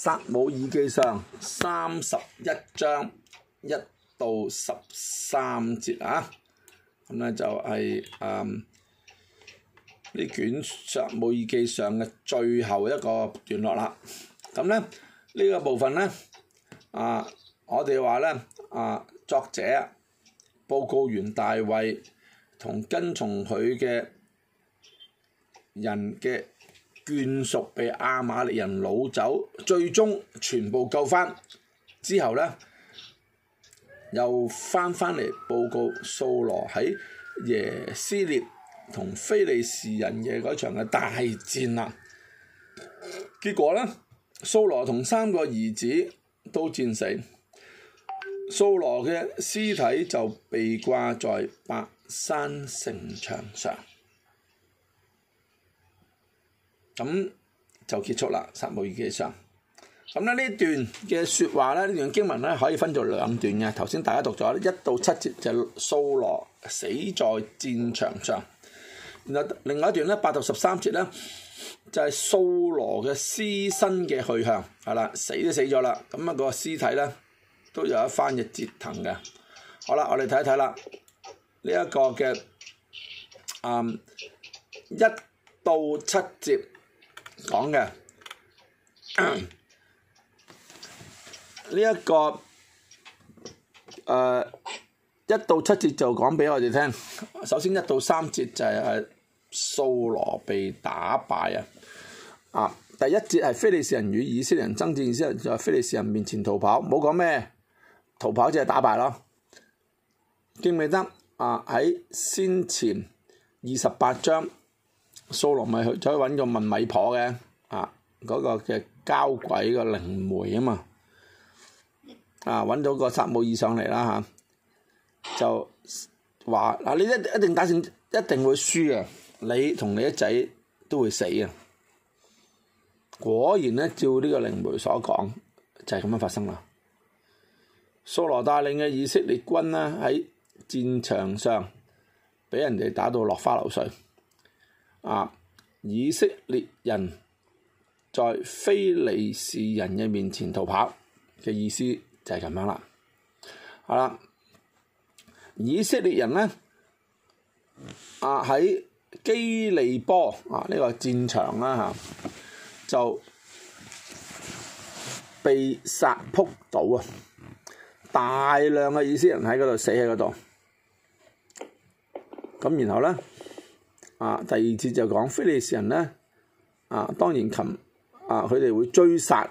撒母耳記上三十一章一到十三節啊，咁咧就係啊呢卷撒母耳記上嘅最後一個段落啦。咁咧呢、呢個部分咧啊，我哋話咧啊作者報告員大衛同跟、跟從佢嘅人嘅眷屬被亞瑪力人擄走，最終全部救翻之後呢，又翻返嚟報告掃羅喺耶斯列同菲利士人嘅嗰場嘅大戰啦。結果呢，掃羅同三個兒子都戰死，掃羅嘅屍體就被掛在伯珊城牆上。咁就結束啦，撒母耳記上。咁咧呢段嘅説話咧，呢段經文咧可以分做兩段嘅。頭先大家讀咗一到七節就係蘇羅死在戰場上，然後另外一段咧八到十三節咧就係蘇羅嘅屍身嘅去向，係啦，死都死咗啦，咁、那、啊個屍體咧都有一番嘅折騰嘅。好啦，我哋睇一睇啦，呢一個嘅啊一到七節。講嘅呢一個誒一到七節，就講俾我哋聽。首先一到三節就係蘇羅被打敗啊！啊，第一節係非利士人與以色列人爭戰之後，以色列人在非利士人面前逃跑。冇講咩，逃跑就係打敗咯。記唔記得啊？喺先前二十八章。蘇羅咪去再去揾個問米婆嘅，啊嗰個嘅交鬼嘅靈媒啊嘛，啊揾咗個撒母耳上嚟啦嚇，就話嗱你一一定打算一定會輸啊，你同你一仔都會死啊！果然呢，照呢個靈媒所講，就係咁樣發生啦。蘇羅帶領嘅以色列軍呢，喺戰場上俾人哋打到落花流水。啊、以色列人在非利士人嘅面前逃跑嘅意思就係咁樣啦，係、啊、啦。以色列人呢，啊喺基利波啊呢、這個戰場啦嚇、啊，就被殺仆倒啊！大量嘅以色列人喺嗰度死喺嗰度，咁、啊、然後咧。啊，第二節就講非利士人咧，啊，當然琴啊，佢哋會追殺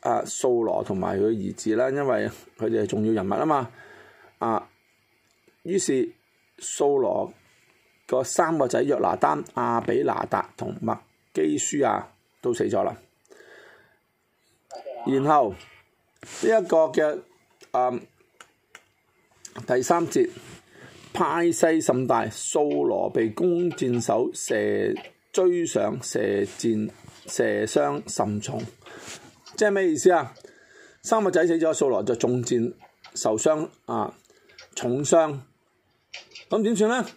啊掃羅同埋佢兒子啦，因為佢哋係重要人物啊嘛。啊，於是掃羅個三個仔約拿單、亞比拿達同麥基舒亞，都死咗啦。然後呢一、這個嘅啊第三節。派勢甚大，掃羅被弓箭手射追上，射箭射傷甚重，即係咩意思啊？三個仔死咗，掃羅就中箭受傷啊，重傷。咁點算呢？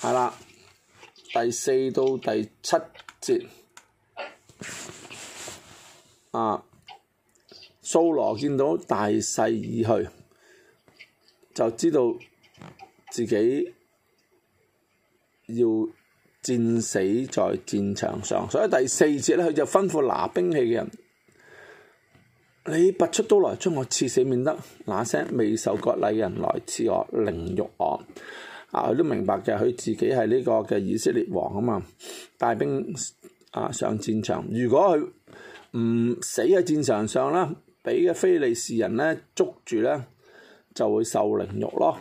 係啦，第四到第七節啊，掃羅見到大勢已去，就知道。自己要戰死在戰場上，所以第四節呢，佢就吩咐拿兵器嘅人：你拔出刀來，將我刺死，免得那些未受割禮嘅人來刺我、凌辱我。啊，佢都明白嘅，佢自己係呢個嘅以色列王啊嘛，帶兵啊上戰場。如果佢唔死喺戰場上啦，俾嘅非利士人呢捉住呢，就會受凌辱咯。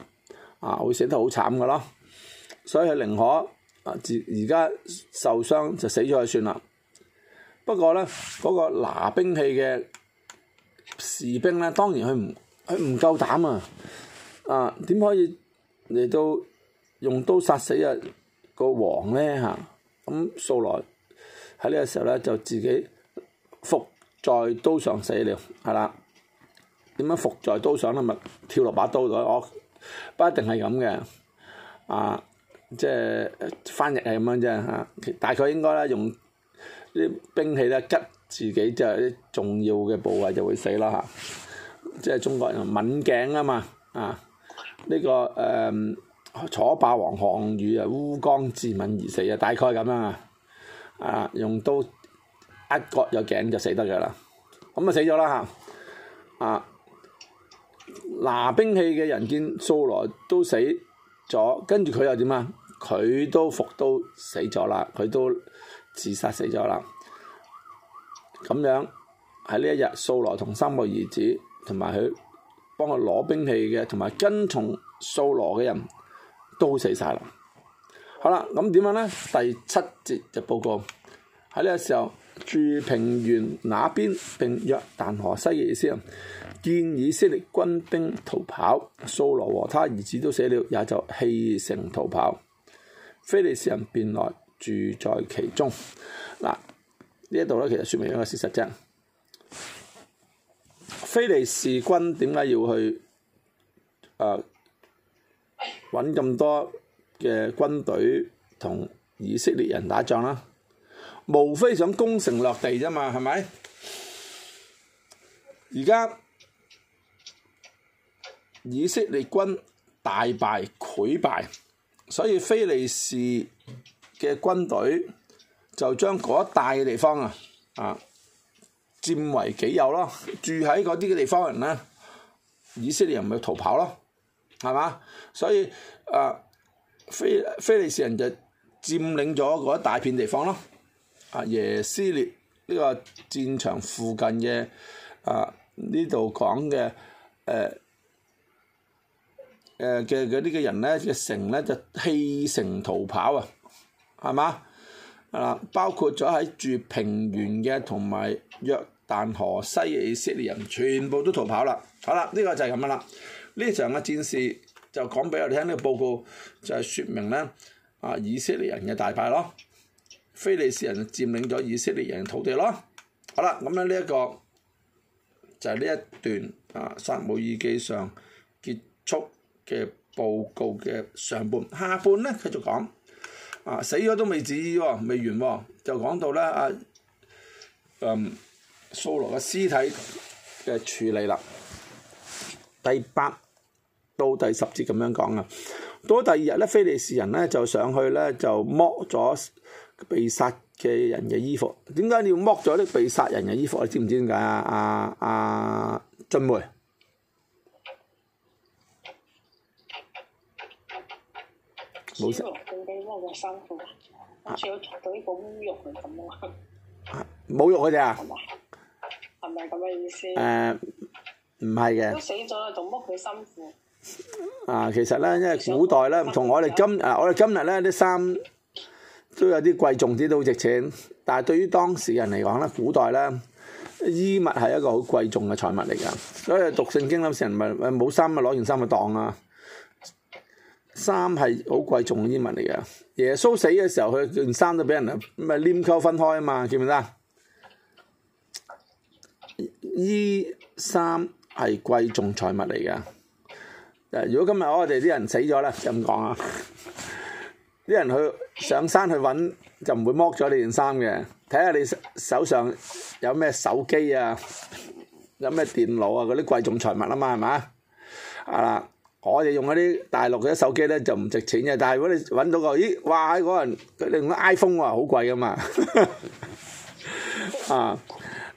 啊！會死得好慘嘅咯，所以佢寧可啊自而家受傷就死咗就算啦。不過咧，嗰個拿兵器嘅士兵咧，當然佢唔佢唔夠膽啊！啊，點可以嚟到用刀殺死啊個王咧嚇？咁掃羅喺呢個時候咧，就自己伏在刀上死了，係啦。點樣伏在刀上咧？咪跳落把刀度我。不一定係咁嘅，啊，即係翻譯係咁樣啫嚇、啊，大概應該啦用啲兵器啦，拮自己就啲重要嘅部位就會死啦嚇、啊，即係中國人刎頸啊嘛，啊呢、這個誒、呃、楚霸王項羽啊烏江自刎而死啊，大概咁樣啊，啊用刀一割有頸就死得噶啦，咁啊死咗啦嚇，啊。啊拿兵器嘅人見掃羅都死咗，跟住佢又點啊？佢都伏刀死咗啦，佢都自殺死咗啦。咁樣喺呢一日，掃羅同三個兒子同埋佢幫佢攞兵器嘅，同埋跟從掃羅嘅人都死晒啦。好啦，咁點樣咧？第七節就報告喺呢個時候。住平原那邊，並約但河西嘅意思啊！見以色列軍兵逃跑，掃羅和他兒子都死了，也就棄城逃跑。非利士人便來住在其中。嗱，呢一度咧，其實説明一個事實啫。非利士軍點解要去誒，搵咁多嘅軍隊同以色列人打仗啦？無非想攻城掠地啫嘛，係咪？而家以色列軍大敗、潰敗，所以非利士嘅軍隊就將嗰一帶嘅地方啊，啊佔為己有咯。住喺嗰啲嘅地方人咧，以色列人咪逃跑咯，係嘛？所以啊，非非利士人就佔領咗嗰一大片地方咯。啊耶斯列呢、這個戰場附近嘅啊，呃呃這個、呢度講嘅誒誒嘅嗰啲嘅人咧嘅城咧就棄城逃跑啊，係嘛啊，包括咗喺住平原嘅同埋約旦河西嘅以色列人全部都逃跑啦，好啦呢，這個就係咁樣啦，呢場嘅戰事就講俾我哋聽呢個報告就係説明咧啊，以色列人嘅大敗咯。非利士人佔領咗以色列人嘅土地咯。好啦，咁咧呢一個就係、是、呢一段啊《撒母耳記》上結束嘅報告嘅上半，下半咧繼續講啊，死咗都未止喎、哦，未完喎、哦，就講到咧啊，嗯、啊，掃羅嘅屍體嘅處理啦，第八到第十節咁樣講啊。到咗第二日咧，非利士人咧就上去咧就剝咗。被殺嘅人嘅衣服，點解你要剝咗啲被殺人嘅衣服啊？你知唔知點解啊？啊啊，俊梅，冇食，點解剝佢衫褲？我想做啲保育啊咁咯。侮辱佢哋啊？係咪咁嘅意思？誒，唔係嘅。都死咗啦，仲剝佢衫褲。啊，其實咧，因為古代咧，唔同我哋今啊，我哋今日咧啲衫。都有啲貴重啲都好值錢，但係對於當時人嚟講咧，古代咧衣物係一個好貴重嘅財物嚟噶。所以讀聖經嗰陣時，人咪冇衫咪攞件衫咪當啊。衫係好貴重嘅衣物嚟噶。耶穌死嘅時候，佢件衫都俾人啊咪拈鬮分開啊嘛，見唔見到？衣衫係貴重財物嚟噶。如果今日我哋啲人死咗啦，就咁講啊。啲人去上山去揾就唔會剝咗你件衫嘅，睇下你手上有咩手機啊，有咩電腦啊嗰啲貴重財物啊嘛係嘛？啊，我哋用嗰啲大陸嗰啲手機咧就唔值錢嘅，但係如果你揾到個，咦，哇！嗰人你用 iPhone 啊，好貴噶嘛，啊，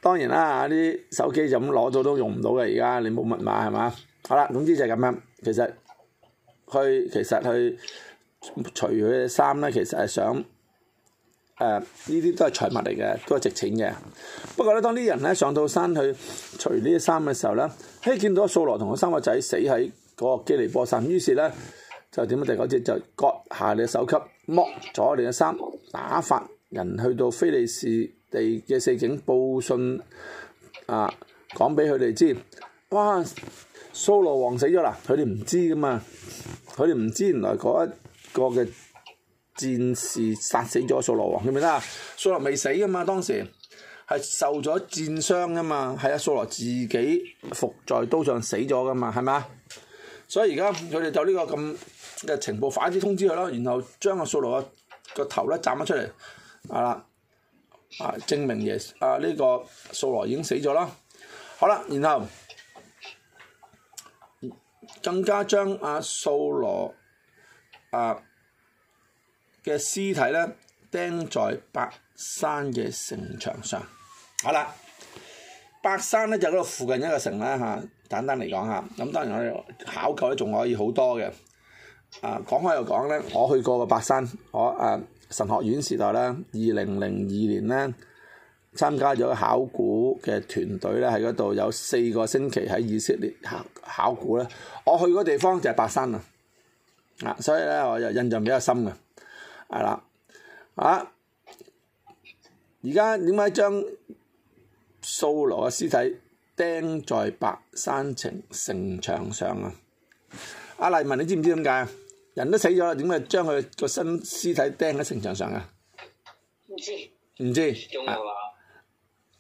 當然啦，啲手機就咁攞咗都用唔到嘅而家，你冇密碼係嘛？好啦，總之就係咁樣，其實去其實去。除佢嘅衫咧，其實係想，誒呢啲都係財物嚟嘅，都係值錢嘅。不過咧，當啲人咧上到山去除呢啲衫嘅時候咧，嘿見到掃羅同佢三個仔死喺個基利波山，於是咧就點啊？第九節就割下你嘅首級，剝咗你嘅衫，打發人去到非利士地嘅四境報信，啊講俾佢哋知，哇掃羅王死咗啦！佢哋唔知噶嘛，佢哋唔知原來嗰。個嘅戰士殺死咗掃羅王，你明唔明啊？掃羅未死噶嘛，當時係受咗戰傷噶嘛，係啊，掃羅自己伏在刀上死咗噶嘛，係咪啊？所以而家佢哋就呢個咁嘅情報快啲通知佢咯，然後將個掃羅個個頭咧斬咗出嚟，啊啦，啊證明耶啊呢、這個掃羅已經死咗咯，好啦，然後更加將阿掃羅。啊嘅屍體咧釘在白山嘅城牆上，好啦，白山咧就嗰度附近一個城啦嚇、啊，簡單嚟講嚇，咁、啊、當然我哋考究咧仲可以好多嘅，啊講開又講咧，我去過嘅白山，我啊神學院時代咧，二零零二年咧參加咗考古嘅團隊咧，喺嗰度有四個星期，喺以色列考古咧，我去嘅地方就係白山啊！啊，所以咧，我又印象比較深嘅，係啦，啊，而家點解將掃羅嘅屍體釘在白山城城牆上啊？阿麗文，你知唔知點解啊？人都死咗啦，點解將佢個身屍體釘喺城牆上啊？唔知，唔知，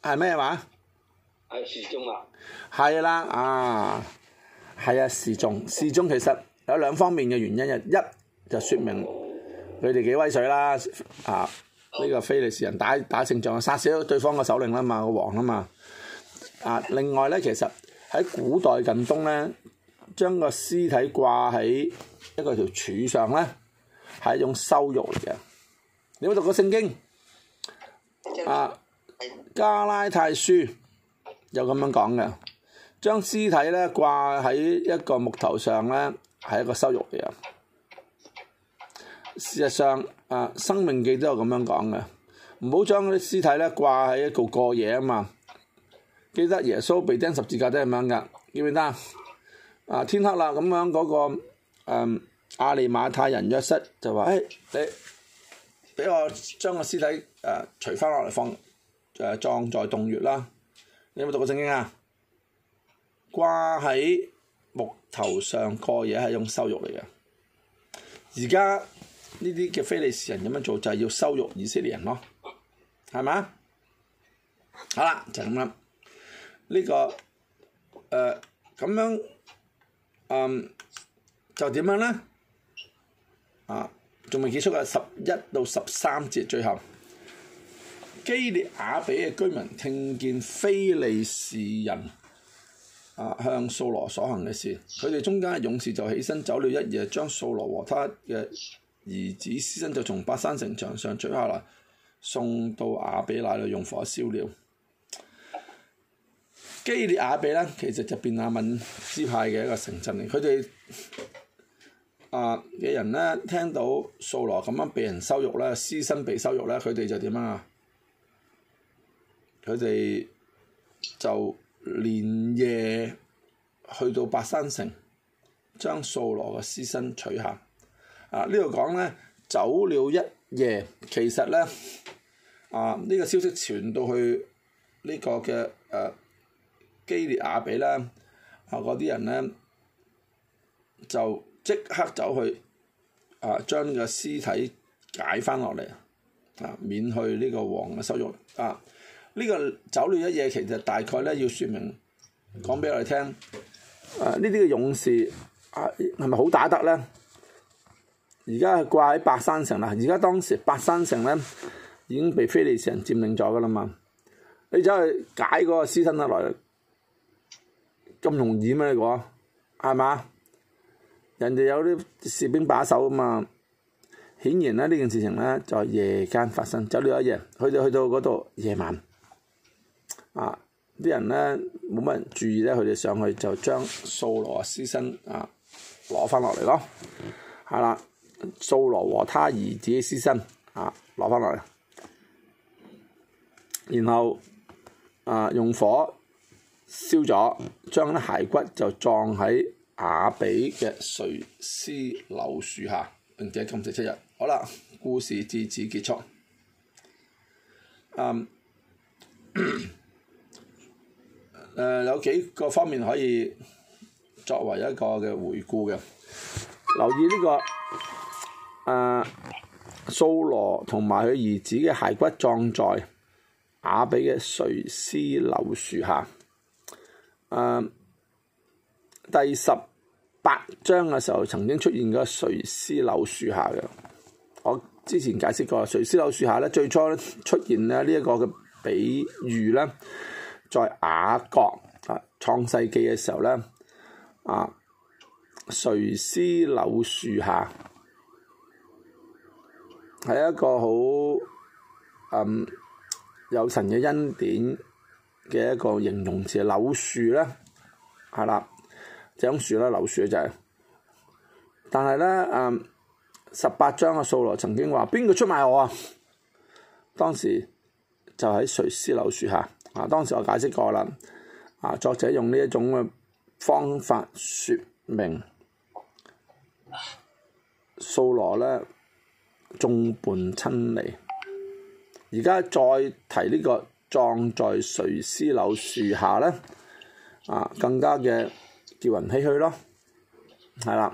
係咩話？係時鐘啊！係啦，啊，係啊，時鐘，時鐘其實。有兩方面嘅原因嘅，一就説明佢哋幾威水啦。啊，呢個非利士人打打勝仗，殺死咗對方嘅首領啦嘛，個王啦嘛。啊，另外咧，其實喺古代近東咧，將個屍體掛喺一個條柱上咧，係一種羞辱嚟嘅。你有冇讀過聖經？啊，加拉太書有咁樣講嘅，將屍體咧掛喺一個木頭上咧。係一個羞辱嘅人。事實上，啊《生命記》都有咁樣講嘅，唔好將嗰啲屍體咧掛喺度過夜啊嘛。記得耶穌被釘十字架都係咁樣噶，記唔記得啊？天黑啦，咁樣嗰個誒亞利馬太人約瑟就話：誒你俾我將個屍體誒除翻落嚟放誒葬在洞穴啦。你有冇讀過聖經啊？掛喺。木頭上個嘢係一種羞辱嚟嘅，而家呢啲嘅非利士人咁樣做就係、是、要羞辱以色列人咯，係嘛？好啦，就咁啦，這個呃呃、呢個誒咁樣嗯就點樣咧？啊，仲未結束嘅十一到十三節最後，基列雅比嘅居民聽見非利士人。向掃羅所行嘅事，佢哋中間嘅勇士就起身走了一夜，將掃羅和他嘅兒子屍身就從巴山城牆上取下來，送到亞比那裏用火燒了。基列亞比呢，其實就變亞敏支派嘅一個城鎮嚟，佢哋嘅人呢，聽到掃羅咁樣被人羞辱，羞辱呢，屍身被羞辱呢，佢哋就點樣啊？佢哋就～連夜去到伯珊城，將掃羅嘅屍身取下。啊，呢度講咧，走了一夜，其實咧，啊呢、呢個消息傳到去呢個嘅誒基列雅比咧，啊嗰啲、啊、人咧就即刻走去啊，將個屍體解翻落嚟啊，免去呢個王嘅羞辱啊！呢個走了一夜，其實大概咧要説明講俾我哋聽，呢啲嘅勇士啊係咪好打得咧？而家係掛喺白山城啦，而家當時白山城咧已經被非利士人佔領咗噶啦嘛，你走去解個屍身得來咁容易咩？你講係嘛？人哋有啲士兵把守啊嘛，顯然咧呢件事情咧就夜間發生。走了一夜，去到去到嗰度夜晚。啊！啲人咧冇乜人注意咧，佢哋上去就將掃羅啊屍身啊攞翻落嚟咯，係啦，掃羅和他兒子嘅屍身啊攞翻落嚟，然後啊用火燒咗，將啲骸骨就葬喺雅比嘅垂絲柳樹下，並且禁食七日。好啦，故事至此結束。Um, 誒、呃、有幾個方面可以作為一個嘅回顧嘅，留意呢、這個誒、呃、蘇羅同埋佢兒子嘅骸骨葬在雅比嘅垂絲柳樹下。誒、呃、第十八章嘅時候曾經出現過垂絲柳樹下嘅，我之前解釋過垂絲柳樹下咧，最初咧出現咧呢一個嘅比喻咧。在雅各啊創世記嘅時候咧，啊垂絲柳樹下係一個好嗯有神嘅恩典嘅一個形容詞。柳樹咧係啦，種樹啦，柳樹就係、是。但係咧，嗯十八章嘅掃羅曾經話：邊個出賣我啊？當時就喺垂絲柳樹下。嗱、啊，當時我解釋過啦。啊，作者用呢一種嘅方法説明掃羅咧，眾叛親離。而家再提、這個、呢個葬在垂絲柳樹下咧，啊，更加嘅叫人唏噓咯，係啦。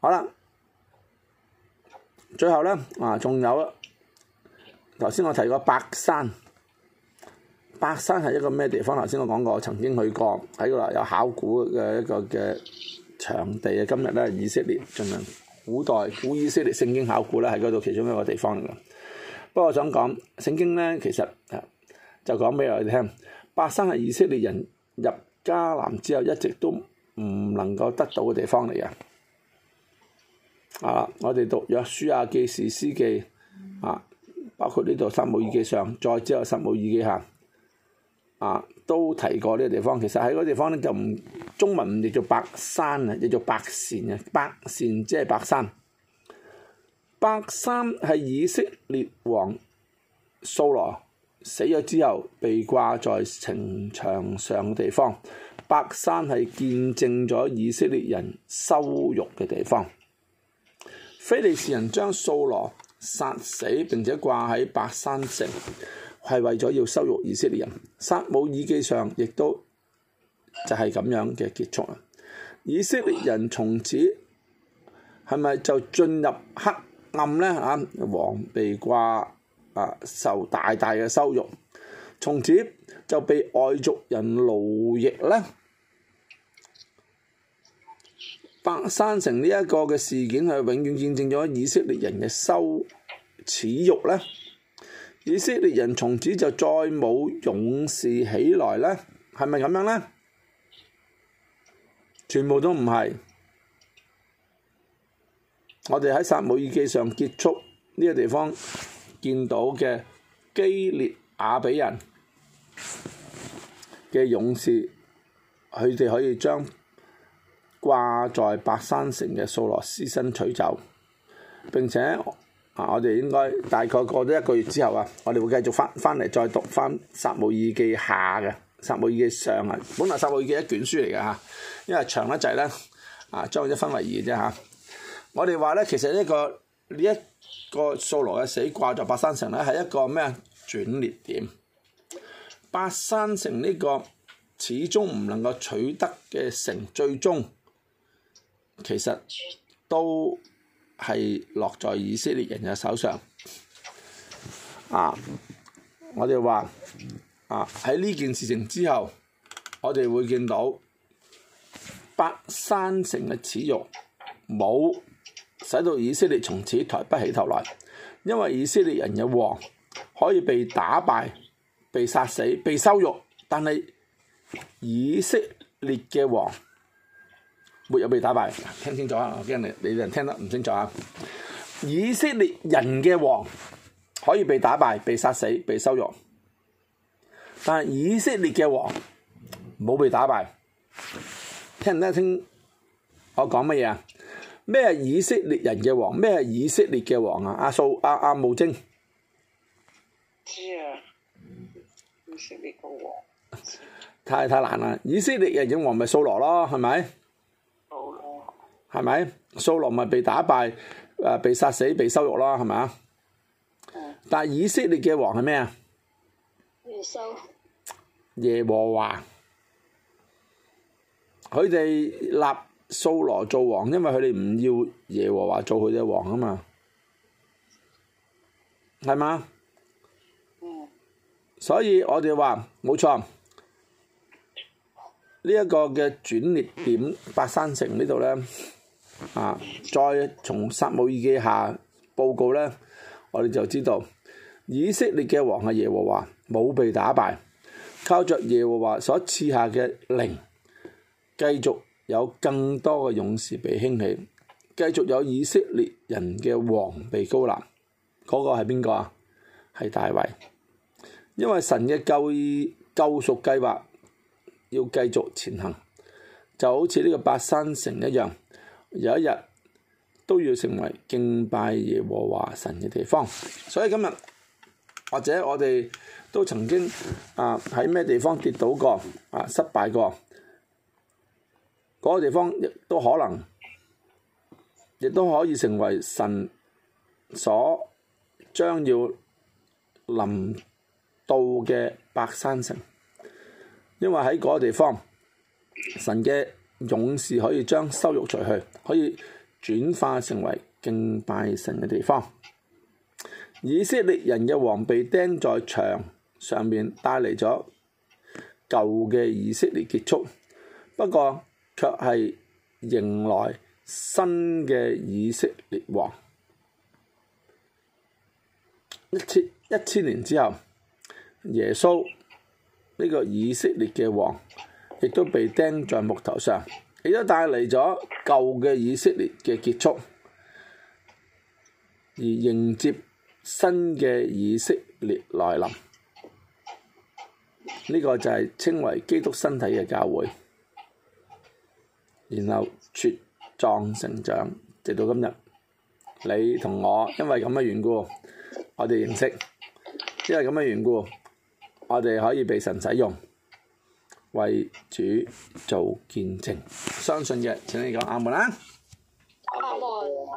好啦，最後咧，啊，仲有啦，頭先我提過白山。伯珊係一個咩地方？頭先我講過，曾經去過喺嗰度有考古嘅一個嘅場地啊。今日咧，以色列進行古代古以色列聖經考古咧，喺嗰度其中一個地方嚟嘅。不過我想講聖經咧，其實就講俾我哋聽，伯珊係以色列人入迦南之後一直都唔能夠得到嘅地方嚟嘅。啊，我哋讀約書亞記、士師記啊，包括呢度撒母耳記上，再之後撒母耳記下。啊、都提過呢個地方。其實喺個地方咧，就唔中文唔叫作伯珊啊，叫作伯善啊。伯善即係伯珊。伯珊係以色列王掃羅死咗之後，被掛在城牆上嘅地方。伯珊係見證咗以色列人羞辱嘅地方。非利士人將掃羅殺死，並且掛喺伯珊城。係為咗要羞辱以色列人，《撒母耳記》上亦都就係咁樣嘅結束啦。以色列人從此係咪就進入黑暗呢？啊，王被掛啊，受大大嘅羞辱，從此就被外族人奴役呢。伯山城呢一個嘅事件係永遠見證咗以色列人嘅羞恥辱咧。以色列人從此就再冇勇士起來呢？係咪咁樣呢？全部都唔係。我哋喺撒母耳記上結束呢個地方見到嘅基列雅比人嘅勇士，佢哋可以將掛在伯珊城嘅掃羅屍身取走，並且。啊！我哋應該大概過咗一個月之後啊，我哋會繼續翻翻嚟再讀翻《撒母耳記下》嘅《撒母耳記上》啊。本來《撒母耳記》一卷書嚟嘅嚇，因為長得滯啦，啊，將佢一分為二嘅啫嚇。我哋話咧，其實呢個呢一個掃羅嘅死掛在伯山城咧，係一個咩啊，轉捩點。伯山城呢個始終唔能夠取得嘅城，最終其實都。係落在以色列人嘅手上，啊！我哋話啊，喺呢件事情之後，我哋會見到伯珊城嘅恥辱，冇使到以色列從此抬不起頭來，因為以色列人嘅王可以被打敗、被殺死、被羞辱，但係以色列嘅王。沒有被打敗，聽清楚啊！我驚你你哋聽得唔清楚啊！以色列人嘅王可以被打敗、被殺死、被羞辱，但以色列嘅王冇被打敗。聽唔聽得清我？我講乜嘢啊？咩以色列人嘅王？咩以色列嘅王啊？阿素阿阿無精。太太難啦！以色列人嘅王咪掃羅咯，係咪？係咪？掃羅咪被打敗，誒、呃、被殺死、被羞辱啦，係咪啊？但係以色列嘅王係咩啊？耶穌耶和華，佢哋立掃羅做王，因為佢哋唔要耶和華做佢哋嘅王啊嘛，係嘛？嗯、所以我哋話冇錯，呢、這、一個嘅轉捩點，伯山城呢度咧。啊、再從撒母耳記下報告呢，我哋就知道以色列嘅王阿，耶和華冇被打敗，靠着耶和華所賜下嘅靈，繼續有更多嘅勇士被興起，繼續有以色列人嘅王被膏立。嗰、那個係邊個啊？係大衛，因為神嘅救救贖計劃要繼續前行，就好似呢個伯珊城一樣。有一日都要成為敬拜耶和華神嘅地方，所以今日或者我哋都曾經啊喺咩地方跌倒過啊失敗過，嗰個地方亦都可能亦都可以成為神所將要臨到嘅白山城，因為喺嗰個地方神嘅。勇士可以將羞辱除去，可以轉化成為敬拜神嘅地方。以色列人嘅王被釘在牆上面，帶嚟咗舊嘅以色列結束，不過卻係迎來新嘅以色列王。一千一千年之後，耶穌呢個以色列嘅王。亦都被釘在木頭上，亦都帶嚟咗舊嘅以色列嘅結束，而迎接新嘅以色列來臨。呢個就係稱為基督身體嘅教會，然後茁壯成長，直到今日。你同我因為咁嘅緣故，我哋認識，因為咁嘅緣故，我哋可以被神使用。為主做見證，相信嘅請你講阿門啦。阿門、嗯。嗯。